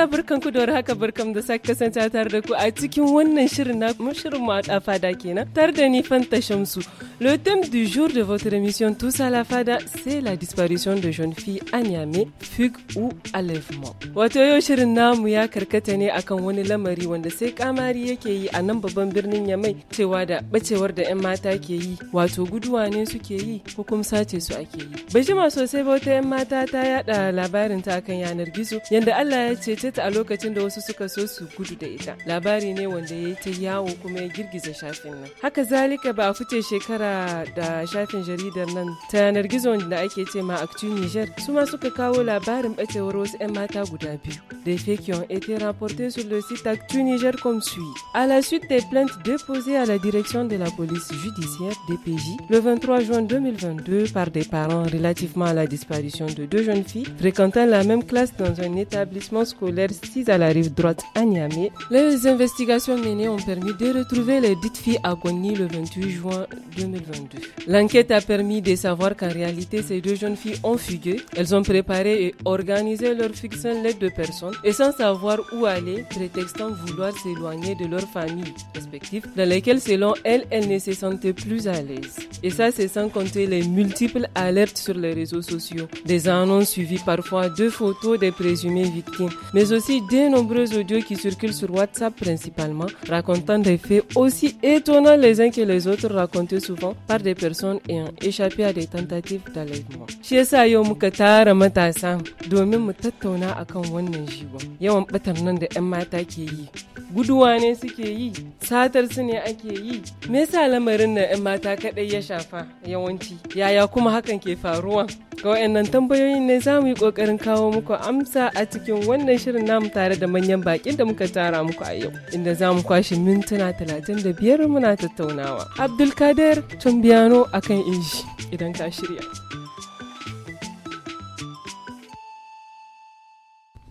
ta barkan ku da haka barkan da sake kasancewa tare da ku a cikin wannan shirin na shirin mu a fada kenan tare da ni Fanta Shamsu. Le thème du jour de votre émission Tous à la fada c'est la disparition de jeunes filles à Niamey, fugue ou enlèvement. Wato yau shirin namu ya karkata ne akan wani lamari wanda sai kamari yake yi a nan babban birnin Yamai cewa da bacewar da 'yan mata ke yi wato guduwa ne suke yi ko kuma sace su ake yi. Bajima sosai ba wata 'yan mata ta yada labarin ta kan yanar gizo yanda Allah ya ce ta Hadiza a lokacin da wasu suka so su gudu da ita. Labari ne wanda ya ta yawo kuma ya girgiza shafin nan. Haka zalika ba a shekara da shafin jaridar nan ta yanar da ake ce ma Actu Niger su ma suka kawo labarin bacewar wasu 'yan mata guda biyu. Des faits qui ont été rapportés sur le site Actu Niger comme suit. À la suite des plaintes déposées à la direction de la police judiciaire DPJ le 23 juin 2022 par des parents relativement à la disparition de deux jeunes filles fréquentant la même classe dans un établissement scolaire à la rive droite à Niamey. Les investigations menées ont permis de retrouver les dites filles à le 28 juin 2022. L'enquête a permis de savoir qu'en réalité, ces deux jeunes filles ont fugué. Elles ont préparé et organisé leur fiction les deux personnes et sans savoir où aller, prétextant vouloir s'éloigner de leur famille respectives dans lesquelles, selon elles, elles ne se sentaient plus à l'aise. Et ça, c'est sans compter les multiples alertes sur les réseaux sociaux, des annonces suivies parfois de photos des présumées victimes, mais mais aussi de nombreux audios qui circulent sur WhatsApp principalement, racontant des faits aussi étonnants les uns que les autres racontés souvent par des personnes ayant échappé à des tentatives d'enlèvement. Shi yasa yau muka tara matasa domin mu tattauna akan wannan jiwon. Yawan batar nan da 'yan mata ke yi. Guduwa ne suke yi, satar su ne ake yi. Me yasa lamarin na 'yan mata kaɗai ya shafa yawanci? Yaya kuma hakan ke faruwa? Ga wayannan tambayoyin ne za mu yi ƙoƙarin kawo muku amsa a cikin wannan shirin namu tare da manyan baƙin da muka tara muku a yau. Inda za mu kwashe mintuna talatin da biyar muna tattaunawa. Abdulkader Tumbiano akan inji idan ka shirya.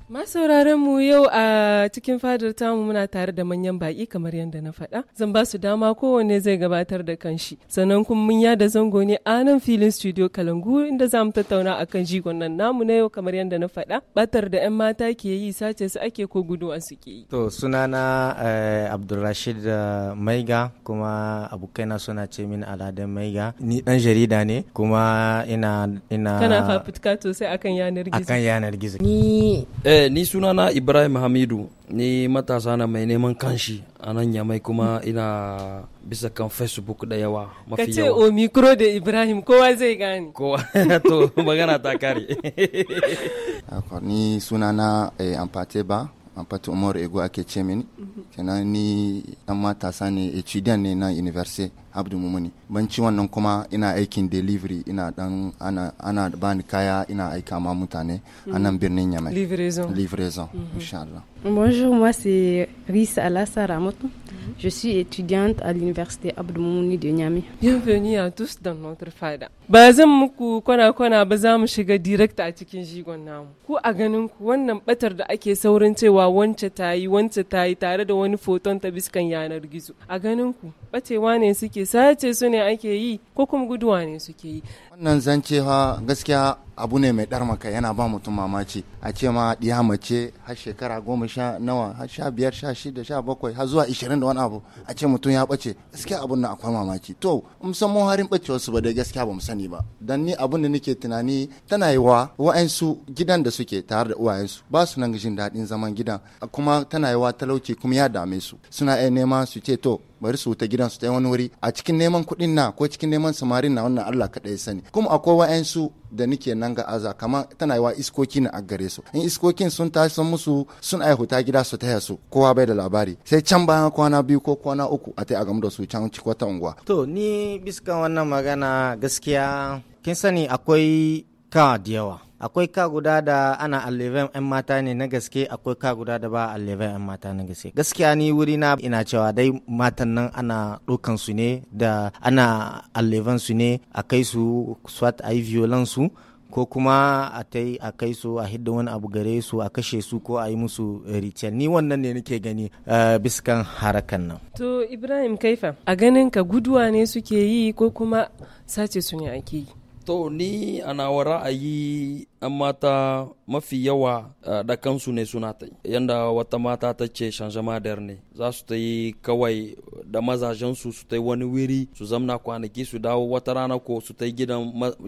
Masauraran mu yau a cikin fadar tamu muna tare da manyan baƙi kamar yadda na faɗa. Zan ba su dama kowanne zai gabatar da kanshi. Sannan kuma mun yada zango ne a nan filin studio Kalangu inda za mu tattauna akan jigon nan namu na yau kamar yadda na faɗa. Batar da 'yan mata ke yi sace su ake ko gudu a su ke yi. To sunana eh, Abdulrashid eh, Maiga kuma abokaina suna ce min Aladen Maiga. Ni ɗan jarida ne kuma ina ina. Kana fafutuka sosai akan yanar gizo. Akan yanar gizo. Ni eh, Eh, ni sunana Ibrahim Hamidu, ni matasa na mai neman kanshi a nan yamai kuma ina bisa kan Facebook da yawa mafi yawa. Ka ce o mikro da Ibrahim kowa zai gani Kowa, to magana ta kare. ni sunana eh, Ampate ba, Ampate Umar Ego ake ce mini, mhm. kenan ni dan matasa ne, etudiant eh, ne na university. abdu mumuni banci wannan kuma ina aikin delivery ina dan ana, ana bani kaya ina aika ma mutane a anan mm. birnin yamai livraison livraison mm -hmm. inshallah bonjour moi c'est Risa Alassa Ramoto je suis étudiante à l'université Abdou Moumouni de Niamey bienvenue à tous dans notre fada ba zan muku kwana kwana ba za mu shiga direct a cikin jigon namu ku a ganin ku wannan batar da ake saurin cewa wance ta yi wance ta yi tare da wani foton ta biskan yanar gizo a ganin ku bacewa ne suke sace su ne ake yi ko kuma guduwa ne suke yi wannan zance ha gaskiya abu ne mai ɗarmaka maka yana ba mutum mamaci a ce ma diya mace har shekara goma sha nawa har sha biyar sha shida sha bakwai har zuwa ishirin da wani abu a ce mutum ya bace gaskiya abun nan akwai mamaci to in san mu harin bace wasu ba dai gaskiya ba mu sani ba dan ni abun da nake tunani tana yi wa wa'ansu gidan da suke tare da uwayensu ba su nan jin daɗin zaman gidan kuma tana yi wa talauci kuma ya dame su suna iya nema su ce to bari su wuta gidan su ta wani wuri a cikin neman kuɗin na ko cikin neman samarin na wannan Allah kaɗai sani kuma akwai wa'ansu da nike nan ga aza kamar tana yi wa iskoki na a gare su in iskokin sun tashi sun musu sun aihu ta gida su taya su kowa bai da labari sai can bayan kwana biyu ko kwana uku a ta a game da su can cikin wata unguwa. to ni bisa wannan magana gaskiya kin sani akwai ka da yawa akwai ka guda da ana alleven 'yan mata ne na gaske akwai ka guda da ba alleven 'yan mata na gaske gaskiya ni wuri na ina cewa dai matan nan ana ɗaukan su ne da ana alleven su ne a kai su swat a yi violan su ko kuma a tai a kai su a hidda wani abu gare su a kashe su ko a yi musu ricen ni wannan ne nake gani eh, biskan harakan nan to ibrahim kaifa a ganin ka guduwa ne suke yi ko kuma sace su ne ake yi Tony anawara ayi 'yan mata mafi yawa da kansu ne suna ta yanda wata mata ta ce shanjamadar ne za su ta yi kawai da mazajensu su ta yi wani wiri su zamna kwanaki su dawo wata rana ko su ta yi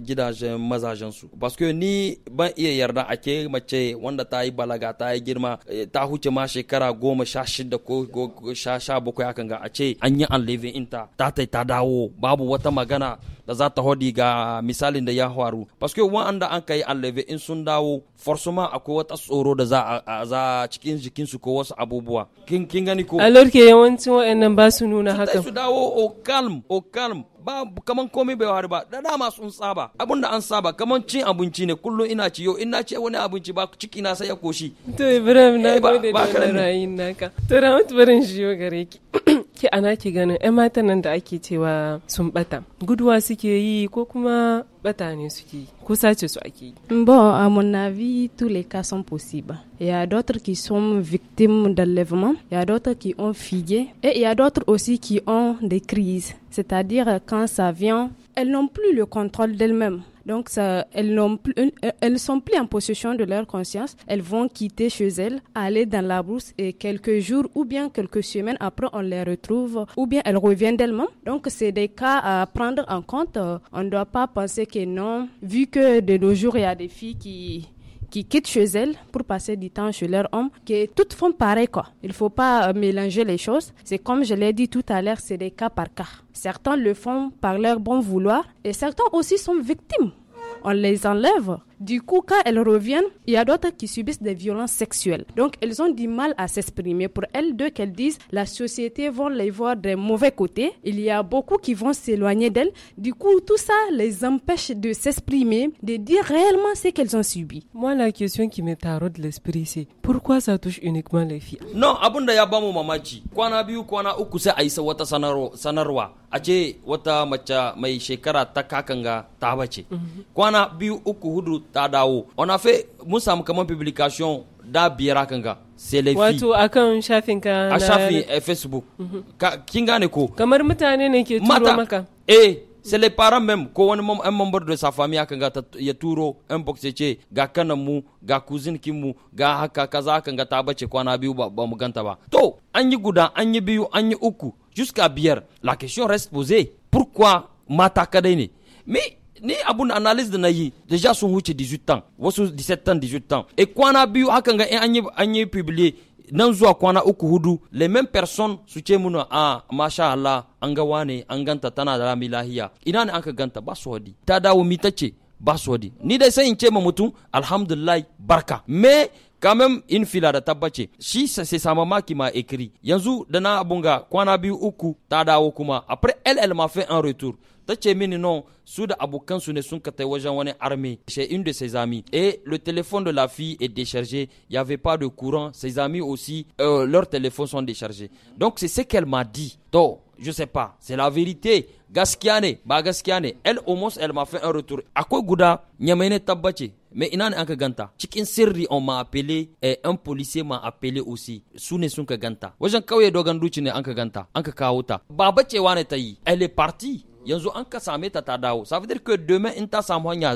gidajen mazajensu basko ni ban iya yarda a ke mace wanda ta yi balaga ta yi girma e, ta huce ma shekara goma sha shida ko sha sha bakwai akan ga a ce an yi enlevin inta ta ta ta dawo babu wata magana da za ta hodi ga misalin da ya faru basko wa'anda an ka yi enlevin gobe in sun dawo forsoma akwai wata tsoro da za a cikin jikinsu ko wasu abubuwa kin kin gani ko a lorke yawancin wa'annan ba su nuna haka su dawo o oh, calm o oh, calm ba kaman komai bai wari ba da dama sun saba abin da an saba kaman cin abinci ne kullum ina ci yau ina ci wani abinci ba ciki na sai ya koshi to ibrahim na eh, gode da ra'ayin naka to ramat barin shi gare ki bata bon à mon avis tous les cas sont possibles il y a d'autres qui sont victimes d'enlèvement il y a d'autres qui ont fugué et il y a d'autres aussi qui ont des crises c'est-à-dire quand ça vient elles n'ont plus le contrôle d'elles-mêmes donc, elles, plus, elles sont plus en possession de leur conscience. Elles vont quitter chez elles, aller dans la brousse et quelques jours ou bien quelques semaines après, on les retrouve ou bien elles reviennent d'elles-mêmes. Donc, c'est des cas à prendre en compte. Euh, on ne doit pas penser que non, vu que de nos jours, il y a des filles qui qui quittent chez elles pour passer du temps chez leur homme, que toutes font pareil quoi. Il faut pas euh, mélanger les choses. C'est comme je l'ai dit tout à l'heure, c'est des cas par cas. Certains le font par leur bon vouloir et certains aussi sont victimes on les enlève. Du coup, quand elles reviennent, il y a d'autres qui subissent des violences sexuelles. Donc, elles ont du mal à s'exprimer. Pour elles deux, qu'elles disent, la société va les voir des mauvais côtés. Il y a beaucoup qui vont s'éloigner d'elles. Du coup, tout ça les empêche de s'exprimer, de dire réellement ce qu'elles ont subi. Moi, la question qui me taraude l'esprit, c'est pourquoi ça touche uniquement les filles Non, abunda ya bamu mamaji. Kwana kwana sanarwa. wata mai shekara mhm. Kwana uku, Tadao, on a fait mun samu kaman publication da kanga, kan les filles. wato kan shafin ka a eh, facebook mhm. ka kin gane ko kamar mutane ne ke turo maka eh c'est les parents même ko mom un membre de sa famille a ga ya turo un box ce ga mu ga cousine ki mu ga haka kaza kan ga ta bace biyu ba, ba ba to an yi guda an yi uku jusqu'à biyar la question reste posée pourquoi mata kadai mais ni abun analyse de na yi deja sun 18 ans wasu 17 ans 18 ans e kwana biyu hakan ga in an yi publier nan zuwa kwana uku hudu le même personne su ce a ah, masha Allah an ga wane an ganta tana da rami lahiya ina ne aka ganta ba su ta dawo mi tace ba ni dai sai in ce ma mutum alhamdulillah barka mais quand même une fila da tabbace shi c'est sa maman qui m'a écrit yanzu dana abunga kwana biyu uku ta dawo kuma après elle elle m'a fait un retour ta ce mini non su da abokansu ne sun ka tai wajen wani arme chez une de ses amis. et le téléphone de la fille est déchargé il y avait pas de courant ses amis aussi euh, leurs téléphones sont déchargés donc c'est ce qu'elle m'a dit donc je sais pas c'est la vérité gaskiane ba gaskiane elle au moins elle m'a fait un retour akwai guda nyamaine tabbace mais ina ne aka ganta chicken sirri on m'a appelé et un policier m'a appelé aussi su ne sun ka ganta wajan kauye dogan duci ne anka ganta anka kawo ta ba bacewa elle est partie yanzu an ka same ta ta ça veut dire que demain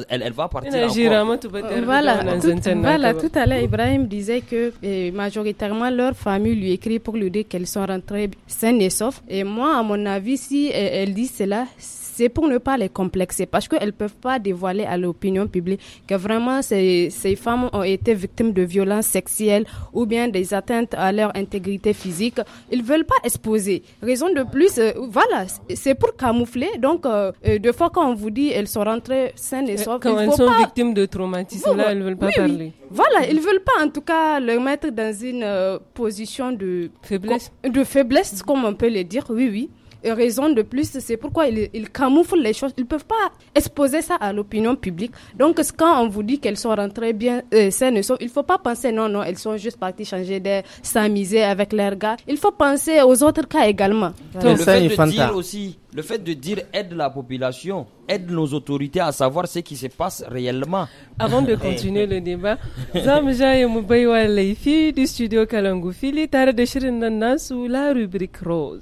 elle, elle va partir encore euh, voilà tout, à l'heure Ibrahim disait que eh, majoritairement leur famille lui écrit pour lui dire qu'elles sont rentrées saines et saufs et moi à mon avis si elle, elle dit cela c'est pour ne pas les complexer parce qu'elles ne peuvent pas dévoiler à l'opinion publique que vraiment ces, ces, femmes ont été victimes de violences sexuelles ou bien des atteintes à leur intégrité physique. Ils ne veulent pas exposer. Raison de plus, euh, voilà, c'est pour camoufler. Donc, euh, euh, deux fois quand on vous dit elles sont rentrées saines et sauves, quand elles sont victimes de traumatisme, là, elles ne veulent pas parler. Voilà, ils ne veulent pas en tout cas les mettre dans une position de faiblesse, de faiblesse, comme on peut le dire. Oui, oui raison de plus, c'est pourquoi ils, camouflent les choses. Ils ne peuvent pas exposer ça à l'opinion publique. Donc, quand on vous dit qu'elles sont rentrées bien, euh, saines, sont, il ne faut pas penser non, non, elles sont juste parties changer d'air, s'amuser avec leurs gars. Il faut penser aux autres cas également. le fait de dire aussi, le fait de dire aide la population, aide nos autorités à savoir ce qui se passe réellement. Avant de eh. continuer le débat, du studio Kalangoufili, de la rubrique rose.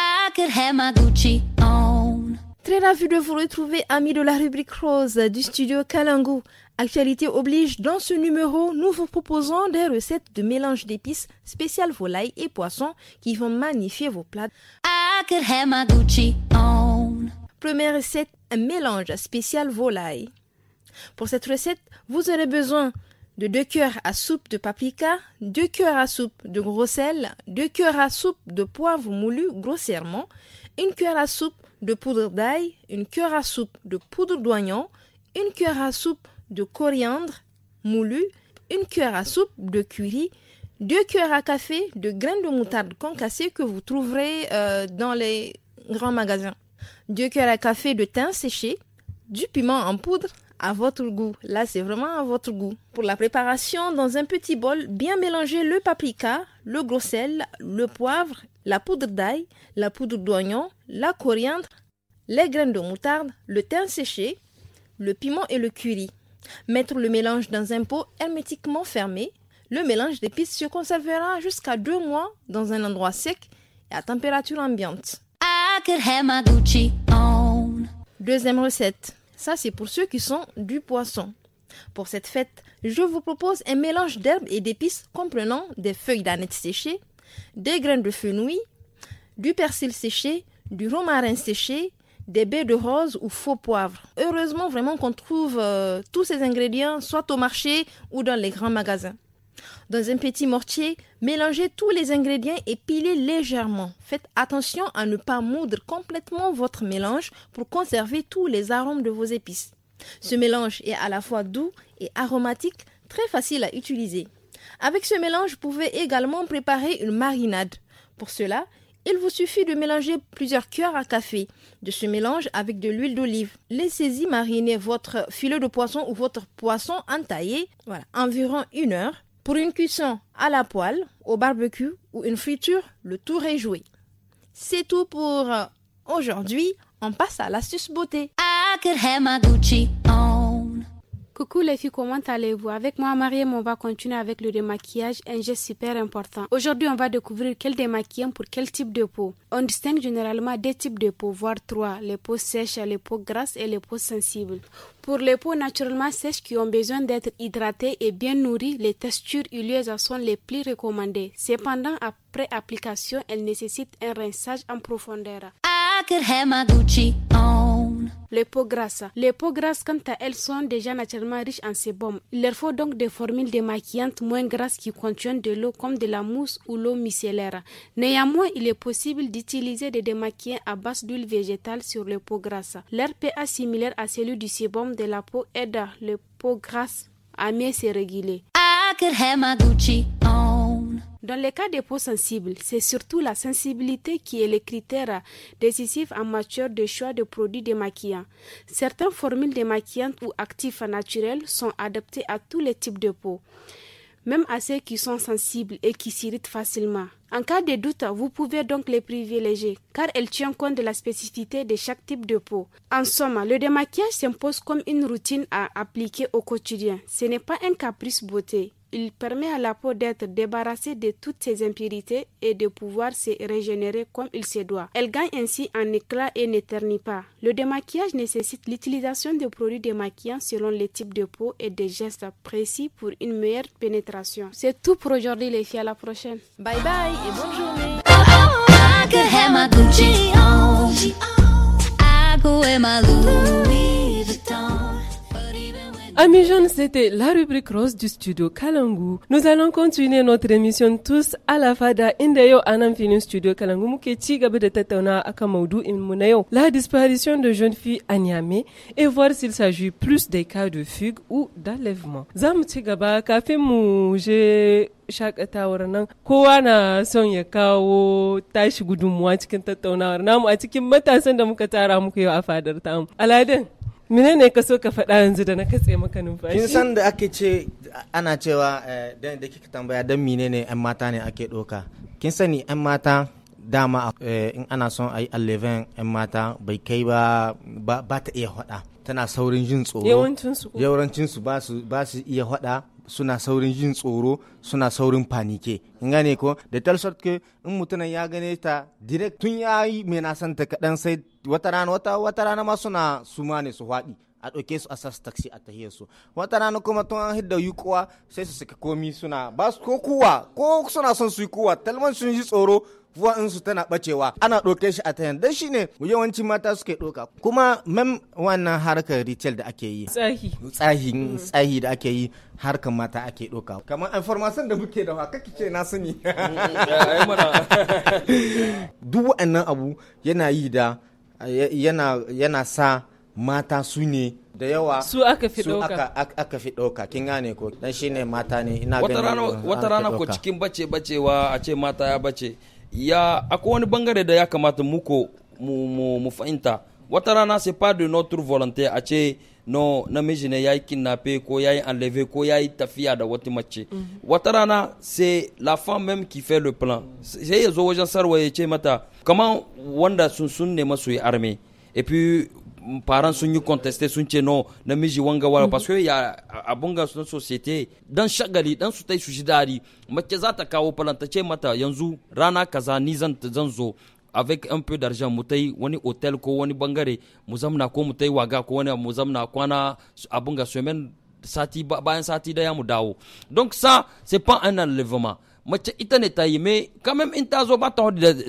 Très ravi de vous retrouver, amis de la rubrique rose du studio Kalangu. Actualité oblige, dans ce numéro, nous vous proposons des recettes de mélange d'épices spéciales volailles et poissons qui vont magnifier vos plats. Première recette, un mélange spécial volaille. Pour cette recette, vous aurez besoin de 2 cuillères à soupe de paprika, 2 cuillères à soupe de gros sel, 2 cuillères à soupe de poivre moulu grossièrement, 1 cuillère à soupe de poudre d'ail, 1 cuillère à soupe de poudre d'oignon, 1 cuillère à soupe de coriandre moulu, 1 cuillère à soupe de curry, 2 cuillères à café de graines de moutarde concassées que vous trouverez euh, dans les grands magasins, 2 cuillères à café de thym séché, du piment en poudre, à votre goût. Là, c'est vraiment à votre goût. Pour la préparation, dans un petit bol, bien mélanger le paprika, le gros sel, le poivre, la poudre d'ail, la poudre d'oignon, la coriandre, les graines de moutarde, le thym séché, le piment et le curry. Mettre le mélange dans un pot hermétiquement fermé. Le mélange d'épices se conservera jusqu'à deux mois dans un endroit sec et à température ambiante. Deuxième recette. Ça, c'est pour ceux qui sont du poisson. Pour cette fête, je vous propose un mélange d'herbes et d'épices comprenant des feuilles d'aneth séchées, des graines de fenouil, du persil séché, du romarin séché, des baies de rose ou faux poivre. Heureusement vraiment qu'on trouve euh, tous ces ingrédients soit au marché ou dans les grands magasins. Dans un petit mortier, mélangez tous les ingrédients et pilez légèrement. Faites attention à ne pas moudre complètement votre mélange pour conserver tous les arômes de vos épices. Ce mélange est à la fois doux et aromatique, très facile à utiliser. Avec ce mélange, vous pouvez également préparer une marinade. Pour cela, il vous suffit de mélanger plusieurs cuillères à café de ce mélange avec de l'huile d'olive. Laissez-y mariner votre filet de poisson ou votre poisson entaillé, voilà, environ une heure. Pour une cuisson à la poêle, au barbecue ou une friture, le tour est joué. C'est tout pour euh, aujourd'hui. On passe à l'astuce beauté. Coucou les filles, comment allez-vous Avec moi, Mariam, on va continuer avec le démaquillage, un geste super important. Aujourd'hui, on va découvrir quel démaquillant pour quel type de peau. On distingue généralement deux types de peau, voire trois, les peaux sèches, les peaux grasses et les peaux sensibles. Pour les peaux naturellement sèches qui ont besoin d'être hydratées et bien nourries, les textures huileuses sont les plus recommandées. Cependant, après application, elles nécessitent un rinçage en profondeur les peaux grasses. Les peaux grasses, quant à elles, sont déjà naturellement riches en sébum. Il leur faut donc des formules démaquillantes moins grasses qui contiennent de l'eau comme de la mousse ou l'eau micellaire. Néanmoins, il est possible d'utiliser des démaquillants à base d'huile végétale sur les peaux grasses. Leur pH similaire à celui du sébum de la peau aide les peaux grasses à mieux se réguler. Dans les cas des peaux sensibles, c'est surtout la sensibilité qui est le critère décisif en matière de choix de produits démaquillants. Certaines formules démaquillantes ou actifs naturels sont adaptées à tous les types de peau même à ceux qui sont sensibles et qui s'irritent facilement. En cas de doute, vous pouvez donc les privilégier, car elles tiennent compte de la spécificité de chaque type de peau. En somme, le démaquillage s'impose comme une routine à appliquer au quotidien. Ce n'est pas un caprice beauté. Il permet à la peau d'être débarrassée de toutes ses impurités et de pouvoir se régénérer comme il se doit. Elle gagne ainsi en éclat et n'éternit pas. Le démaquillage nécessite l'utilisation de produits démaquillants selon les types de peau et des gestes précis pour une meilleure pénétration. C'est tout pour aujourd'hui les filles, à la prochaine. Bye bye et bonne journée. Amis jeunes, c'était la rubrique rose du studio Kalangu. Nous allons continuer notre émission tous à la fada indéo yau studio Kalangu muke gabede gaba da tattauna la disparition de jeunes filles à Niamey et voir s'il s'agit plus des cas de fugue ou d'enlèvement. Nous allons voir gaba mu je shakatawar nan kowa na son ya kawo tashi gudunmuwa cikin tattaunawar namu a cikin matasan da muka Aladin. mine ne ka so ka faɗa yanzu da na katse maka numfashi kin san da ake ce ana cewa eh, da kika tambaya dan mine ne yan mata ne ake doka kin sani yan mata dama eh, in ana son a yi alleven yan mata bai kai ba ba ta iya faɗa tana saurin jin tsoro yawancinsu ba su iya faɗa suna saurin yin tsoro suna saurin fanike in gane ko da talsar ke in mutunan ya gane ta direct tun ya yi mai nasanta kaɗan sai wata rana wata rana ma suna suma ne su haɗi a ɗauke su a sas taxi a tahiyar su wata rana kuma tun an hidda yi kowa sai su suka komi suna ba ko kowa ko suna son su yi kowa talman sun ji tsoro insu tana bacewa ana ɗauke shi a tayan dan shine yawanci mata suke ɗauka kuma mem wannan harkar retail da ake yi tsahi tsahi mm. tsahi da ake yi harkar mata ake ɗauka kamar information da muke da haka kike na sani mm, mm, duk wa'annan abu yana yi da yana yana sa mata su ne da yawa su aka fi ɗauka aka fi ɗauka kin gane ko dan shine mata ne ina ganin wata rana ko cikin bace bacewa a ce mata ya bace ya akwai wani bangare da ya kamata muko mu, mu, mu fahimta wata rana se pas de notre volonté a ce no namiji ne ya yi kidnappé ko ya yi enlevé ko ya yi tafiya da wata mace mm wata rana c'est la femme même qui fait le plan sai ya zo wajen sarwa ya ce mata kaman wanda sun sun nema su yi arme et puis parents sun yi conteste sun ce no namiji wanga wala mhm. parce que ya abun sun société dan shagali dan su tai su shi dari mace za ta kawo falanta ce mata yanzu rana kaza ni zan zo avec un peu d'argent mu tai wani hotel ko wani bangare mu zamna ko mu tai waga ko wani mu zamna kwana abun semaine sati bayan sati da ya mu dawo donc ça c'est pas un enlèvement mace ita ne ta quand même in ta ba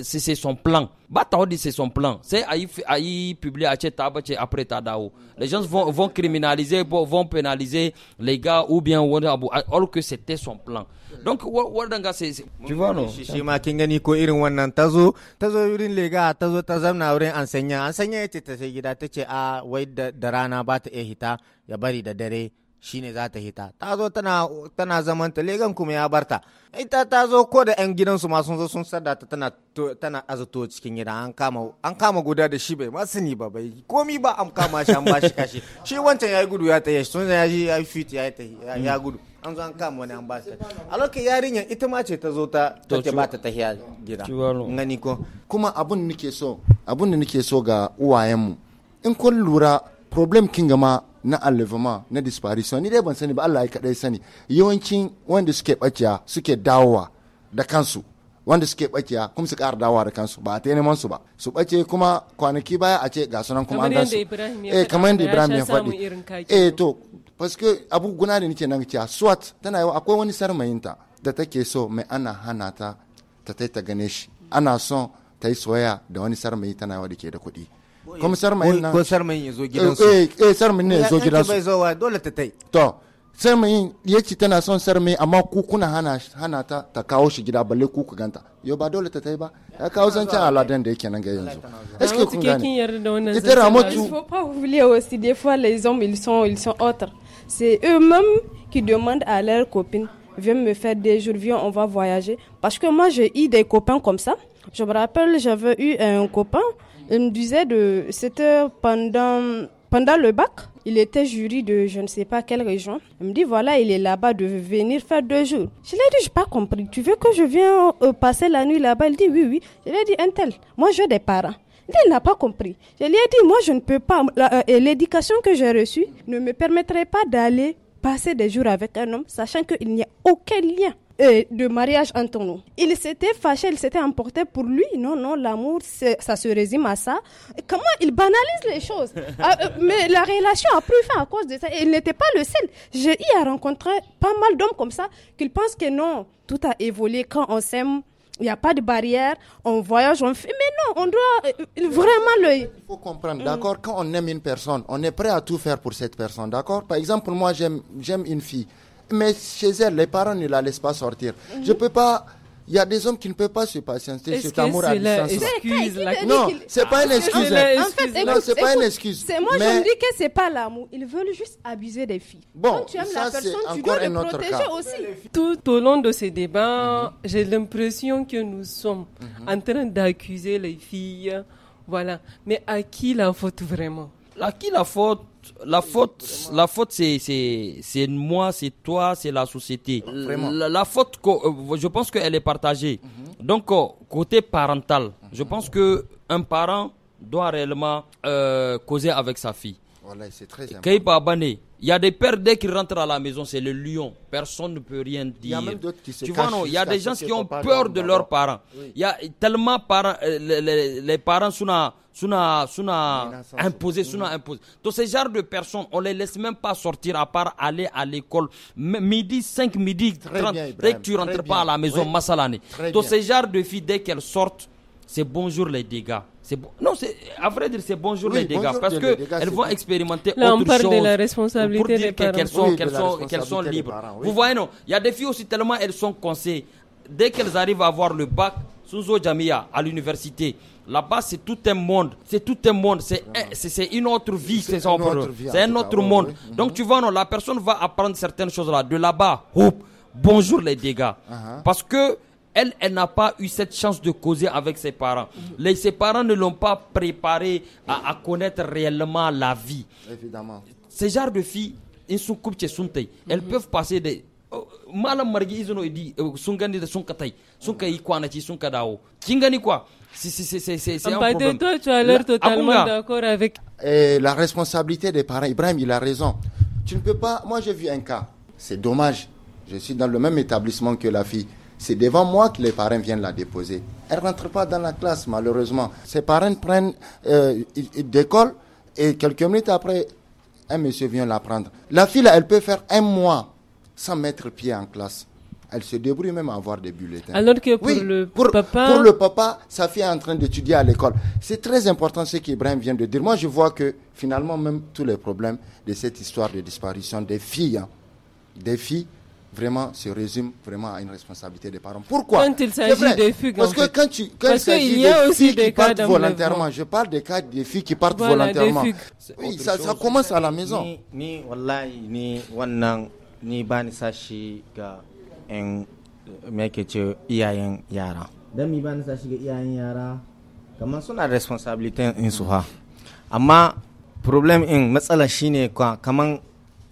c'est son plan ba ta c'est son plan sai a yi a yi publier ce ta après ta dawo les gens vont vont criminaliser vont pénaliser les gars ou bien abu alors que c'était son plan donc wadanga c'est tu vois non shi ma kingani ko irin wannan tazo tazo irin les gars tazo ta zamna wurin ansanya ansanya yace ta sai gida tace a wai da rana ba ta iya hita ya bari da dare shi ne za ta hita ta zo tana zamanta zaman ta legan kuma ya barta ita ta zo ko da yan gidansu masu sun zo sun sarda ta tana azato cikin gida an kama guda da shi bai ma ni ba bai komi ba an kama shi an bashi kashi shi wancan yi gudu ya tayi sun ya yi ya fit ya ya gudu an zo an kama wani an bashi a lokacin yarinyar ita ma ce ta zo ta ta ba ta tahiya gida ngani ko kuma abun nake so abun da nake so ga uwayenmu in kun lura problem kin gama na alivama na disparition ni dai ban sani ba Allah ya kadai sani yawancin wanda suke bakiya suke dawowa da kansu wanda suke bakiya kuma su ƙara dawowa da kansu ba a ta neman su ba su bace kuma kwanaki baya a ce ga sunan kuma an gansu eh kamar yadda Ibrahim ya eh, faɗi eh to paske abu guna ne nake nan cewa SWAT tana yawa akwai wani sarmayinta da take so mai ana hana ta ta ta gane shi ana son ta yi soyayya da wani sarmayi tana yawa da ke da kuɗi kuma sarmayin ko sarmayin ya zo gidansu eh eh sarmayin ne zo gidansu bai zo wa dole ta tai to sarmayin ya ce tana son sarmayin amma ku kuna hana hana ta ta kawo shi gida balle ku ku ganta yo ba dole ta tai ba ya kawo zancen aladen da yake nan ga yanzu est-ce ah, que kun gane ita ramotu il faut pas oublier aussi des fois les hommes ils sont ils sont autres c'est eux-mêmes qui demandent à leur copine viens me faire des jours, viens, on va voyager. Parce que moi, j'ai eu des copains comme ça. Je me rappelle, j'avais eu un copain, il me disait de. C'était pendant, pendant le bac. Il était jury de je ne sais pas quelle région. Il me dit voilà, il est là-bas de venir faire deux jours. Je lui ai dit, je n'ai pas compris. Tu veux que je vienne euh, passer la nuit là-bas Il dit oui, oui. Je lui ai dit, un tel, moi j'ai des parents. Il n'a pas compris. Je lui ai dit, moi je ne peux pas. Euh, l'éducation que j'ai reçue ne me permettrait pas d'aller passer des jours avec un homme, sachant qu'il n'y a aucun lien euh, euh, de mariage entre nous. Il s'était fâché, il s'était emporté pour lui. Non, non, l'amour, ça se résume à ça. Comment il banalise les choses ah, euh, Mais la relation a pris fin à cause de ça. il n'était pas le seul. J'ai eu à rencontrer pas mal d'hommes comme ça qui pensent que non, tout a évolué quand on s'aime il n'y a pas de barrière, on voyage, on fait. Mais non, on doit vraiment le. Il faut comprendre, mm. d'accord Quand on aime une personne, on est prêt à tout faire pour cette personne, d'accord Par exemple, moi, j'aime une fille mais chez elle, les parents ne la laissent pas sortir. Je mhm. peux pas. Il y a des hommes qui ne peuvent pas se patienter cet amour à distance. Excuse Non, c'est pas une ah, excuse. non, c'est pas une excuse. moi je me dis que c'est pas l'amour. Ils veulent juste abuser des filles. Bon, Quand tu aimes la personne, tu dois le protéger cas. aussi. Tout au long de ces débats, mhm. j'ai l'impression que nous sommes mhm. en train d'accuser les filles. Voilà. Mais à qui la faute vraiment À qui la faute la faute, la faute, c'est, c'est, moi, c'est toi, c'est la société. Ah, la, faute, euh, je pense qu'elle est partagée. Mhm. Donc, euh, côté parental, je pense que un parent doit réellement euh, causer avec sa fille. c'est Il y a des pères, dès qu'ils rentrent à la maison, c'est le lion. Personne ne peut rien dire. Il y a des gens qui ont peur de leurs parents. Il y a tellement les, parents sont suna suna imposé suna imposé donc ces genres de personnes on les laisse même pas sortir à part aller à l'école midi 5 midi 30 dès que tu rentres pas à la maison oui. tous donc ces genres de filles dès qu'elles sortent c'est bonjour les dégâts c'est bon... non c'est à vrai dire c'est bonjour les dégâts parce que elles vont expérimenter autre on parle de la responsabilité pour dire qu'elles sont qu'elles sont qu'elles sont libres vous voyez non il y a des filles aussi tellement elles sont conseillées dès qu'elles arrivent à avoir le bac Jamia à l'université. Là-bas, c'est tout un monde. C'est tout un monde. C'est une autre vie, c'est un autre, monde. Donc, mhm. tu vois, non, la personne va apprendre certaines choses là. De là-bas, bonjour les dégâts. Uh-huh. Parce que elle, elle n'a pas eu cette chance de causer avec ses parents. Mhm. Les, ses parents ne l'ont pas préparé à, connaître réellement la vie. Évidemment. Ces genres de filles, ils sont elles mhm. peuvent passer des eh, la responsabilité des parents Ibrahim il a raison tu ne peux pas moi j'ai vu un cas c'est dommage je suis dans le même établissement que la fille c'est devant moi que les parents viennent la déposer. Elle ne rentre pas dans la classe, malheureusement. Ses parents prennent euh, d'école et quelques minutes après, un monsieur vient la prendre. La fille, elle peut faire un mois sans mettre pied en classe. Elle se débrouille même à avoir des bulletins. Alors que pour le papa. Pour le papa, sa fille est en train d'étudier à l'école. C'est très important ce qu'Ibrahim vient de dire. Moi, je vois que finalement, même tous les problèmes de cette histoire de disparition des filles, hein, des filles, vraiment se résument vraiment à une responsabilité des parents. Pourquoi s'agit Parce que quand tu Parce il, y a des aussi filles des qui cas partent volontairement, je parle des cas des filles qui partent volontairement. Oui, ça, commence à la maison. Ni, ni ni ni ba ni sashi ga 'yan meke ce iyayen yara don mi ba ni sashi ga iyayen yara kamar suna responsibility in su ha amma problem in matsala shine kamar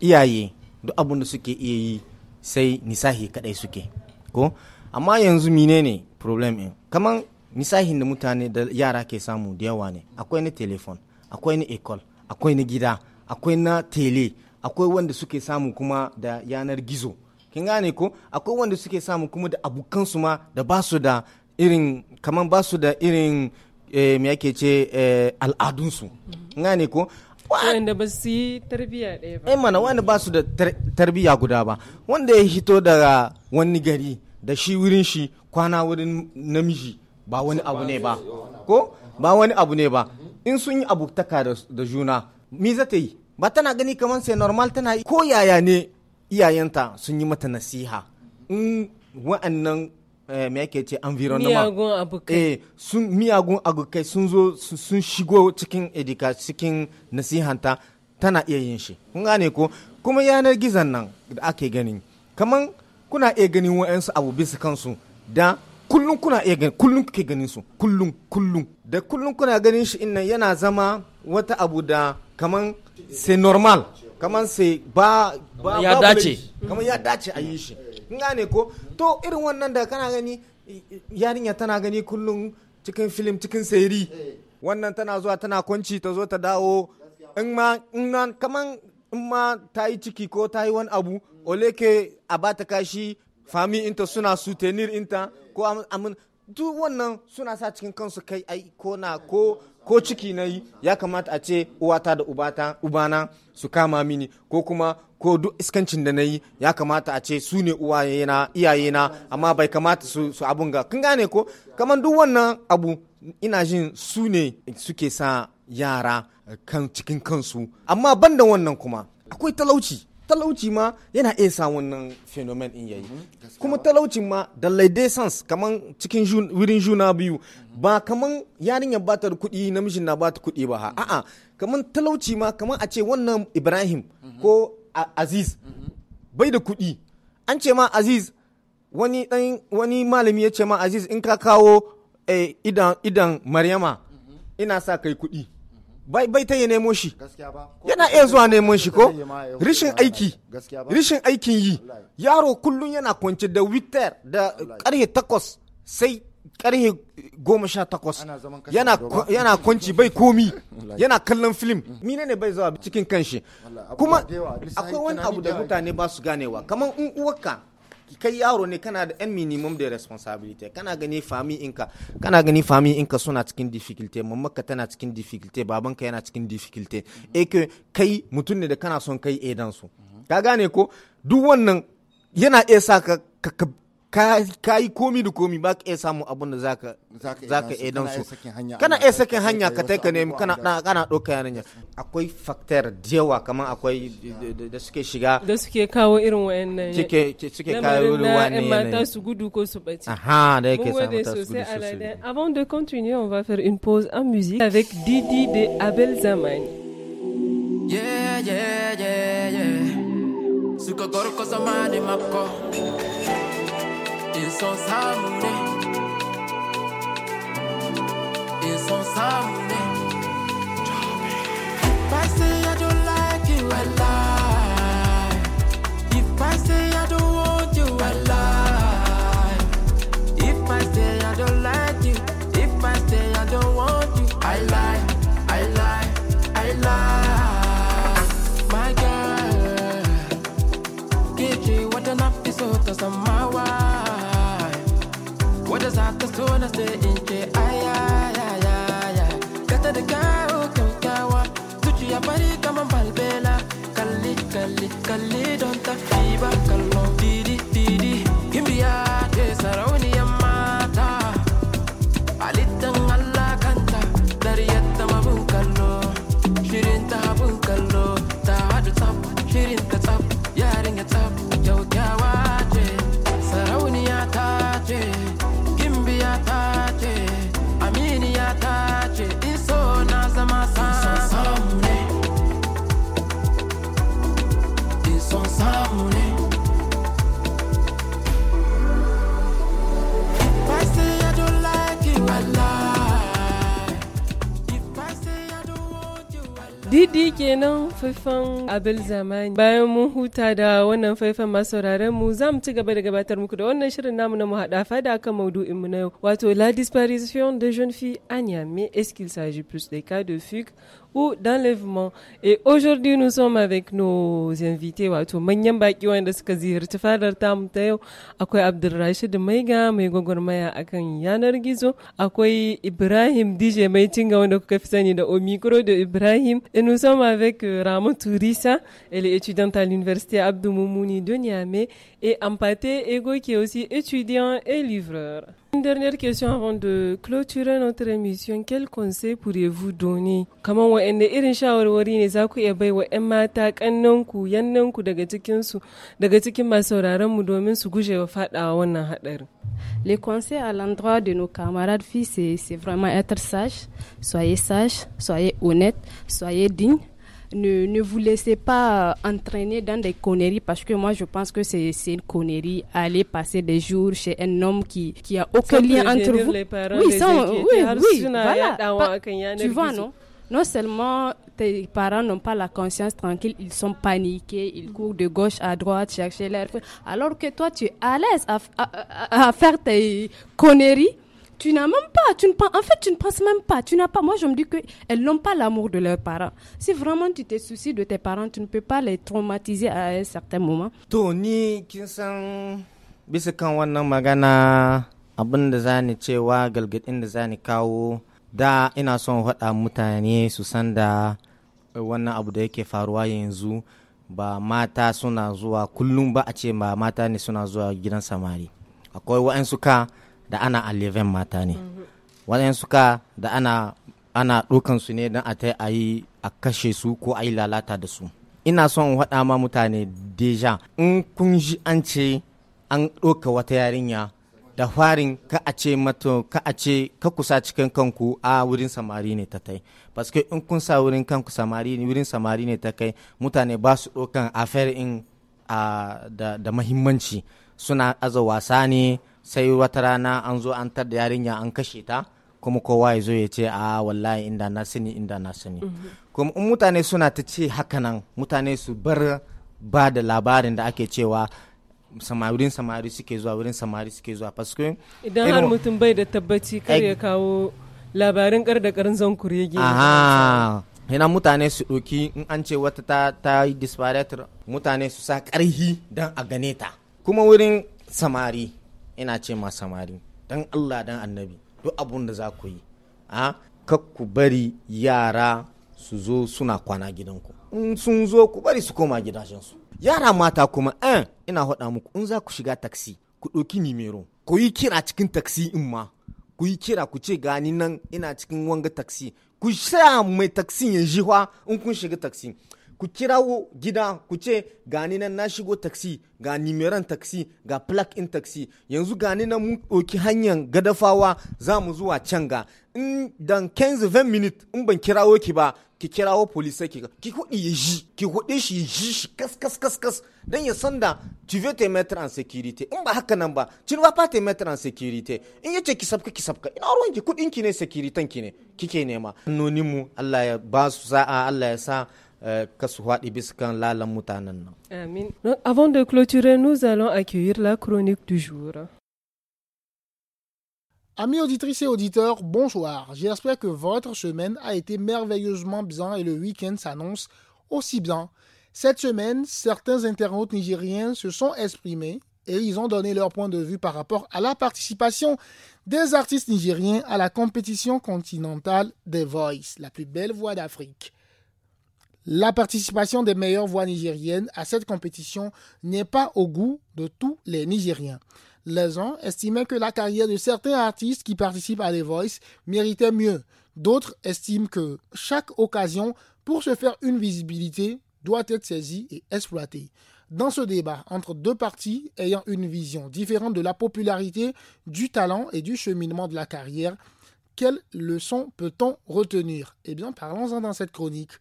iyaye duk abin da suke iya yi sai nisahi kadai suke ko amma yanzu mine ne problem in kamar nisahin da mutane da yara ke samu da yawa ne akwai na telefon akwai na ecol akwai na gida akwai na tele akwai wanda suke samu kuma da yanar gizo kin gane ko akwai wanda suke samu kuma da abokansu ma da ba su da irin kaman ba su da irin eh, me yake ce eh, al'adunsu gane ko wanda ba su yi tarbiyya ɗaya ba eh, mana wanda ba su da tarbiyya guda ba wanda ya hito daga wani gari da shi wurin shi kwana wurin namiji ba wani abu ne ba ko ba wani abu ne ba in sun yi abutaka da juna mi za ta yi ba tana gani kamar sai normal tana ko yaya ne iyayenta sun yi mata nasiha in wa'annan eh, me yake ce environment miyagun abokai eh, sun miyagun abokai sun zo sun shigo cikin edika cikin nasihanta tana iya yin shi kun gane ko kuma yanar gizon nan da ake gani kaman kuna iya ganin wa'ansu abu bisa kansu da kullum kuna iya gani kullum kuke ganin su kullum kullum da kullum kuna ganin shi innan yana zama wata abu da kaman c'est normal kaman c'est ba ba ya dace kaman ya dace a yi shi in gane ko to irin wannan da kana gani yarinya tana gani kullum cikin film cikin sayiri wannan tana zuwa tana kwanci ta zo ta dawo in ma in nan kaman in ma ta yi ciki ko ta yi wani abu oleke a ba ta kashi fami inta suna sutenir inta ko amin duk wannan suna sa cikin kansu kai ai ko na ko ko ciki na yi ya kamata a ce uwata da ubata ubana su kama mini ko kuma ko duk iskancin da na yi ya kamata a ce su ne uwayena iyayena amma bai kamata su, su abun ga kun gane ko kamar duk wannan abu ina jin su ne suke sa yara cikin kansu amma banda wannan kuma akwai talauci talauci ma yana iya sa wannan phenomenon in yayi mhm, kuma talauci ma da laide sans kaman cikin wurin juna biyu mhm. ba kaman yarinya ba ta kuɗi namijin na ba ta kuɗi ba mhm. a'a kamar talauci ma kamar a ce wannan Ibrahim ko Aziz bai da kuɗi an ce ma Aziz wani malami ya ce ma Aziz in ka kawo eh, idan idan Maryama ina sa kai kuɗi bai bai ta ya nemo shi yana iya zuwa neman shi ko rishin aiki rishin aikin yi yaro kullum yana kwanci da witter da karhe takwas sai karhe goma sha takwas yana kwanci bai komi yana kallon film mine ne bai zuwa cikin kanshi kuma akwai wani abu da mutane ba su ganewa kamar in uwarka kai yaro ne kana da yan minimum da responsibility kana gani fami inka kana gani fami inka suna cikin difficulty mamanka tana cikin difficulty babanka yana cikin difficulty eh kai mutum ne da kana son kai edan su ka gane ko duk wannan yana iya sa ka ka yi komi da komi ba ka iya samun abin da za iya su kana iya sakin hanya ka taika ne kana ɗauka yanar akwai faktar yawa kamar akwai da suke shiga da suke kawo irin wayannan suke kawo irin wa'annan mata su gudu ko su ɓace aha da yake sa mata su gudu sosai avant de continuer on va faire une pause en musique avec Didi de Abel Zamani yeah yeah yeah yeah suka gorko zamani makko I say I don't like you, I lie. wanna stay in jail. Abel Zamani. Bayan mun huta da wannan faifan masauraran mu za mu ci gaba da gabatar muku da wannan shirin namu na fada maudu'in Wato la disparition de jeunes filles Anya, mais est-ce qu'il s'agit plus des cas de fugue ou d'enlèvement. Et aujourd'hui, nous sommes avec nos invités, wato manyan baki da suka ziyarci fadar tamu ta yau akwai Abdulrashid Maiga mai gwagwarmaya akan yanar gizo, akwai Ibrahim DJ mai cinga wanda kuka fi sani da Omicro da Ibrahim. Et nous sommes avec euh, Ramon Tourissa, elle est étudiante à l'université Abdou Moumouni de Niamey et Ampate Ego qui est aussi étudiant et livreur. Une dernière question avant de clôturer notre émission. Quel conseil pourriez-vous donner Les conseils à l'endroit de nos camarades filles, c'est vraiment être sage, soyez sage, soyez honnête, soyez digne ne, vous laissez pas euh, entraîner dans des conneries parce que moi je pense que c'est une connerie aller passer des jours chez un homme qui qui a aucun lien entre vous. Les oui, oui, voilà. tu vois non non seulement tes parents n'ont pas la conscience tranquille, ils sont paniqués, ils courent de gauche à droite chercher l'air. Alors que toi, tu es à l'aise à, faire tes conneries tu n'as même pas, tu ne penses, en fait, tu ne penses même pas, tu n'as pas. Moi, je me dis qu'elles n'ont pas l'amour de leurs parents. Si vraiment tu te soucies de tes parents, tu ne peux pas les traumatiser à un certain moment. Tony, kinsan, bisa kan wannan magana abin da za ni cewa galgadin da za kawo da ina son faɗa mutane su ba mata suna zuwa kullum ba a mata ne suna zuwa gidan samari akwai wa'ansu ka da ana alleven mata ne waɗansu ka da ana ana ɗaukan su ne dan a ta a yi a kashe su ko a yi lalata da su ina son faɗa ma mutane deja in kun ji an ce an ɗauka wata yarinya da farin ka a ce mata ka a ce ka kusa cikin kanku a wurin samari ne ta kai paske in kun sa wurin kanku samari ne wurin samari ne ta kai mutane ba su ɗaukan afer in da, da mahimmanci suna aza wasa ne sai wata rana an zo an tar da yarinya an kashe ta kuma kowa ya zo ya ce a wallahi inda na sani inda na sani kuma in mutane suna ta ce hakanan mutane su bar ba da labarin da ake cewa samari samari suke zuwa wurin samari suke zuwa paske idan har mutum bai da tabbaci kar ya kawo labarin kar da karin zan ya aha yana mutane su ɗoki in an ce wata ta ta yi mutane su sa ƙarhi don a gane ta kuma wurin samari ina ce ma samari dan Allah dan annabi duk abun da za ku yi a kakku bari yara su zo suna kwana gidanku in sun zo ku bari su koma gidajensu yara mata kuma eh ina hoda muku in za ku shiga taksi ku ɗauki nimero ku yi kira cikin taksi in ma ku yi kira ku ce gani nan ina cikin wanga taksi ku sa mai taksi ya ji in kun shiga taksi ku kirawo gida ku ce gani nan na shigo taksi ga nimeran taksi ga plug in taksi yanzu gani nan mun ɗauki hanyar gadafawa za mu zuwa can ga in dan 15 minit in ban kirawo ki ba ki kirawo police ki ki kuɗi ya ji ki kudi shi ya ji shi kas kas kas kas dan ya san da tu veux te mettre en sécurité in ba haka nan ba tu ne vas pas te mettre en sécurité in yace ki sabka ki sabka ina ruwan ki kuɗin ki ne sécurité ki ne kike nema nonin mu Allah ya ba su sa'a Allah ya sa avant de clôturer, nous allons accueillir la chronique du jour. Amis auditrices et auditeurs, bonsoir. J'espère que votre semaine a été merveilleusement bien et le week-end s'annonce aussi bien. Cette semaine, certains internautes nigériens se sont exprimés et ils ont donné leur point de vue par rapport à la participation des artistes nigériens à la compétition continentale des Voice, la plus belle voix d'Afrique. La participation des meilleures voix nigériennes à cette compétition n'est pas au goût de tous les Nigériens. Les uns estimaient que la carrière de certains artistes qui participent à The Voice méritait mieux. D'autres estiment que chaque occasion pour se faire une visibilité doit être saisie et exploitée. Dans ce débat entre deux parties ayant une vision différente de la popularité, du talent et du cheminement de la carrière, quelles leçons peut-on retenir Eh bien, parlons-en dans cette chronique.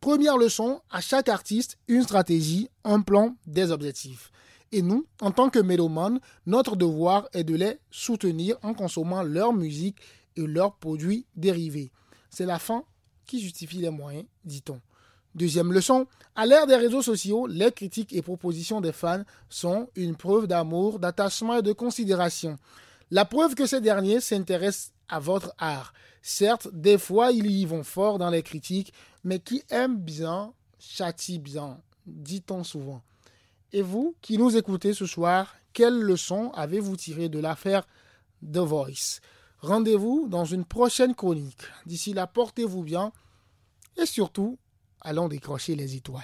Première leçon, à chaque artiste, une stratégie, un plan, des objectifs. Et nous, en tant que mélomanes, notre devoir est de les soutenir en consommant leur musique et leurs produits dérivés. C'est la fin qui justifie les moyens, dit-on. Deuxième leçon, à l'ère des réseaux sociaux, les critiques et propositions des fans sont une preuve d'amour, d'attachement et de considération. La preuve que ces derniers s'intéressent à votre art. Certes, des fois, ils y vont fort dans les critiques, mais qui aime bien châtie bien, dit-on souvent. Et vous, qui nous écoutez ce soir, quelle leçon avez-vous tiré de l'affaire The Voice Rendez-vous dans une prochaine chronique. D'ici là, portez-vous bien et surtout, allons décrocher les étoiles.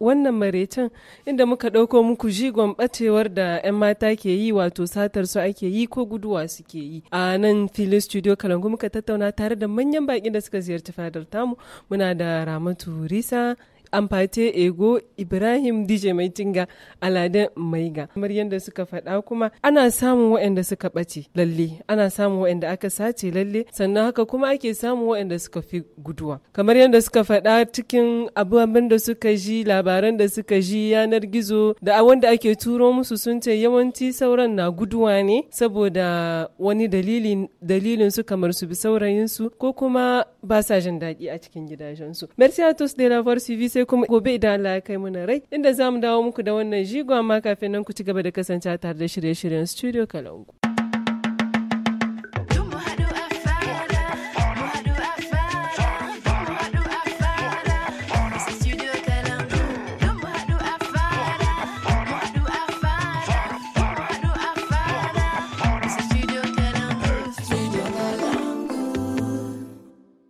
wannan maraicin inda muka ɗauko muku jigon ɓacewar da 'yan mata ke yi wato satar su ake yi ko guduwa suke yi a nan filin studio kalangu muka tattauna tare da manyan baƙin da suka ziyarci fadar tamu muna da ramatu risa amfate ego ibrahim dj mai tinga aladen maiga kamar yadda suka faɗa kuma ana samun waɗanda suka ɓace lalle ana samun waɗanda aka sace lalle sannan haka kuma ake samun waɗanda suka fi guduwa kamar yadda suka faɗa cikin abubuwan da suka ji labaran da suka ji yanar gizo da wanda ake turo musu sun ce yawanci sauran na guduwa ne saboda wani dalilin dalilin su kamar su bi saurayin su ko kuma ba sa jin daɗi a cikin gidajensu merci à tous de l'avoir suivi sai kuma gobe idan Allah ya kai muna rai inda za mu dawo muku da wannan jigon ma kafin nan ku ci gaba da kasance tare da shirye-shiryen studio Kalangu.